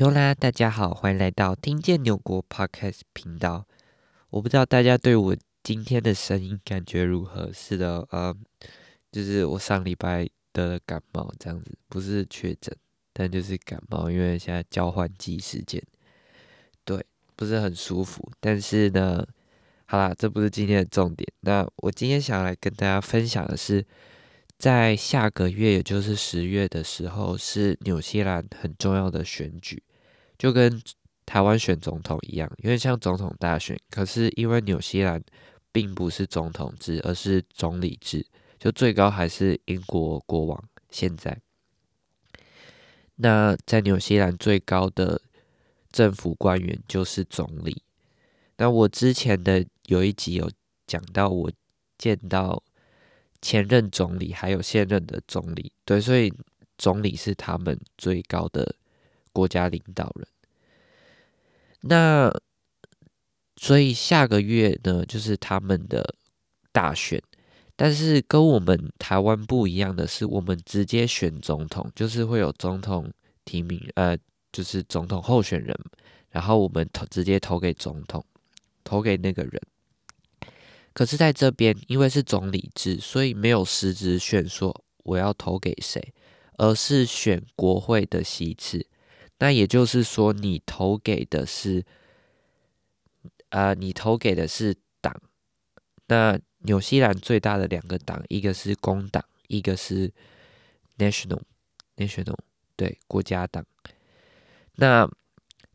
好啦，哈囉，大家好，歡迎來到聽見紐國 Podcast 頻道。我不知道大家對我今天的聲音感覺如何。是的，嗯，就是我上禮拜得了感冒，這樣子不是確診，但就是感冒，因為現在交換季時間，對，不是很舒服。但是呢，好啦，這不是今天的重點。那我今天想來跟大家分享的是，在下個月，也就是十月的時候，是紐西蘭很重要的選舉。就跟台灣選總統一樣，因為像總統大選，可是因為紐西蘭並不是總統制，而是總理制，就最高還是英國國王，現在。那在紐西蘭最高的政府官員就是總理。那我之前的有一集有講到，我見到前任總理還有現任的總理，對，所以總理是他們最高的。國家領導人，那所以下個月呢，就是他們的大選。但是跟我們台灣不一樣的是，我們直接選總統，就是會有總統提名，呃，就是總統候選人，然後我們投直接投給總統，投給那個人。可是在這邊，因為是總理制，所以沒有實質選說我要投給誰，而是選國會的席次。那也就是說，你投給的是，呃，你投給的是黨。那紐西蘭最大的兩個黨，一個是工黨，一個是 National，National，對，國家黨。那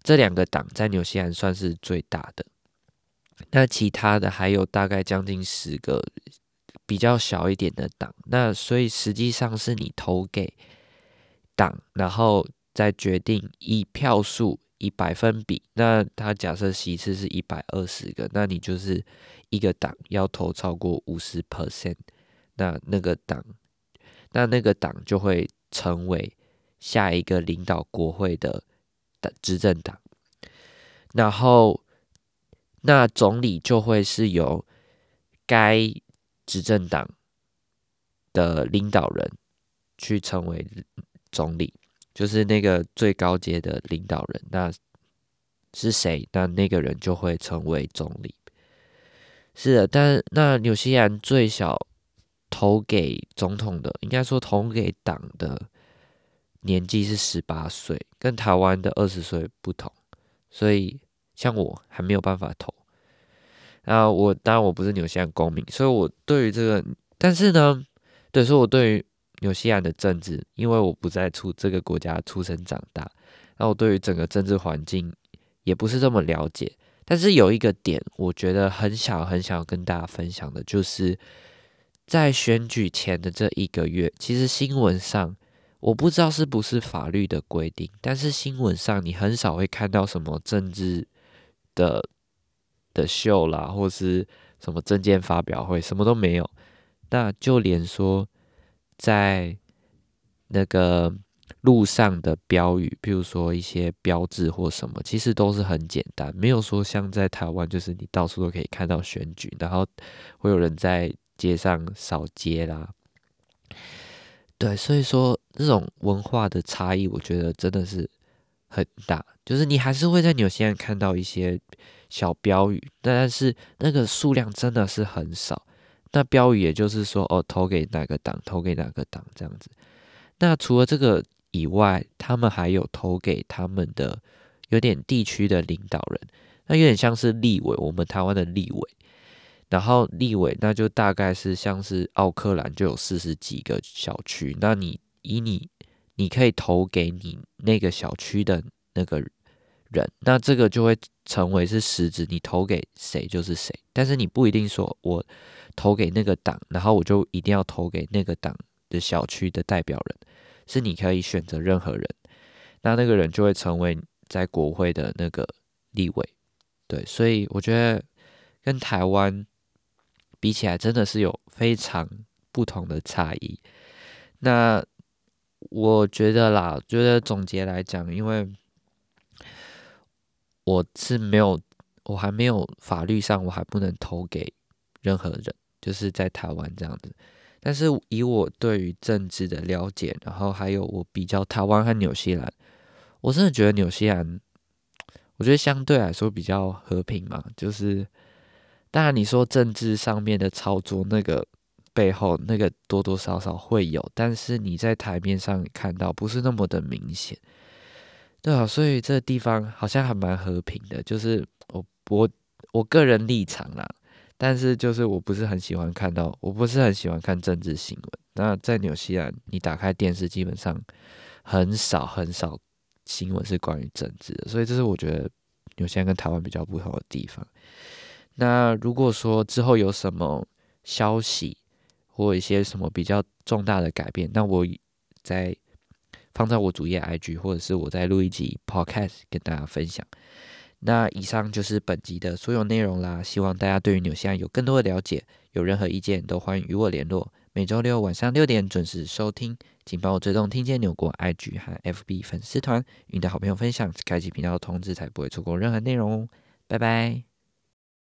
這兩個黨在紐西蘭算是最大的。那其他的還有大概將近十個比較小一點的黨。那所以實際上是你投給黨，然後。再決定以票數，以百分比。那他假設席次是一百二十個，那你就是一個黨要投超過五十 percent，那那個黨，那那個黨就會成為下一個領導國會的執政黨，然後那總理就會是由該執政黨的領導人去成為總理。就是那個最高階的領導人，那是誰？那那個人就會成為總理。是的，但那紐西蘭最小投給總統的，應該說投給黨的年紀是十八歲，跟台灣的二十歲不同，所以像我還沒有辦法投。然後我當然我不是紐西蘭公民，所以我對於這個，但是呢，對，所以我對於。紐西蘭的政治，因為我不在出這個國家出生長大，那我對於整個政治環境也不是這麼了解。但是有一個點，我覺得很想很想要跟大家分享的就是，在選舉前的這一個月，其實新聞上我不知道是不是法律的規定，但是新聞上你很少會看到什麼政治的的秀啦，或是什麼政見發表會，什麼都沒有。那就連說。在那個路上的標語，譬如說一些標誌或什麼，其實都是很簡單，沒有說像在台灣，就是你到處都可以看到選舉，然後會有人在街上掃街啦。對，所以說這種文化的差異，我覺得真的是很大。就是你還是會在紐西蘭看到一些小標語，但是那個數量真的是很少。那標語也就是說，哦，投給哪個黨，投給哪個黨這樣子。那除了這個以外，他們還有投給他們的有點地區的領導人，那有點像是立委，我們台灣的立委。然後立委那就大概是像是奧克蘭就有四十幾個小區，那你以你你可以投給你那個小區的那個人。人，那這個就會成為是實質，你投給誰就是誰。但是你不一定說我投給那個黨，然後我就一定要投給那個黨的小區的代表人，是你可以選擇任何人。那那個人就會成為在國會的那個立委。對，所以我覺得跟台灣比起來，真的是有非常不同的差異。那我覺得啦，覺得總結來講，因為。我是沒有，我還沒有法律上我還不能投給任何人，就是在台灣這樣子。但是以我對於政治的了解，然後還有我比較台灣和紐西蘭，我真的覺得紐西蘭，我覺得相對來說比較和平嘛。就是當然你說政治上面的操作，那個背後那個多多少少會有，但是你在台面上看到不是那麼的明顯。對啊，所以這個地方好像還蠻和平的，就是我我我個人立場啦，但是就是我不是很喜歡看到，我不是很喜歡看政治新聞。那在紐西蘭，你打開電視基本上很少很少新聞是關於政治的，所以這是我覺得紐西蘭跟台灣比較不同的地方。那如果說之後有什麼消息或一些什麼比較重大的改變，那我在。放在我主頁 IG，或者是我再錄一集 Podcast 跟大家分享。那以上就是本集的所有內容啦，希望大家對於紐西蘭有更多的了解。有任何意見都歡迎與我聯絡。每周六晚上六點準時收聽，請幫我追蹤聽見紐國 IG 和 FB 粉絲團，與你的好朋友分享開啟頻道通知，才不會錯過任何內容哦。拜拜。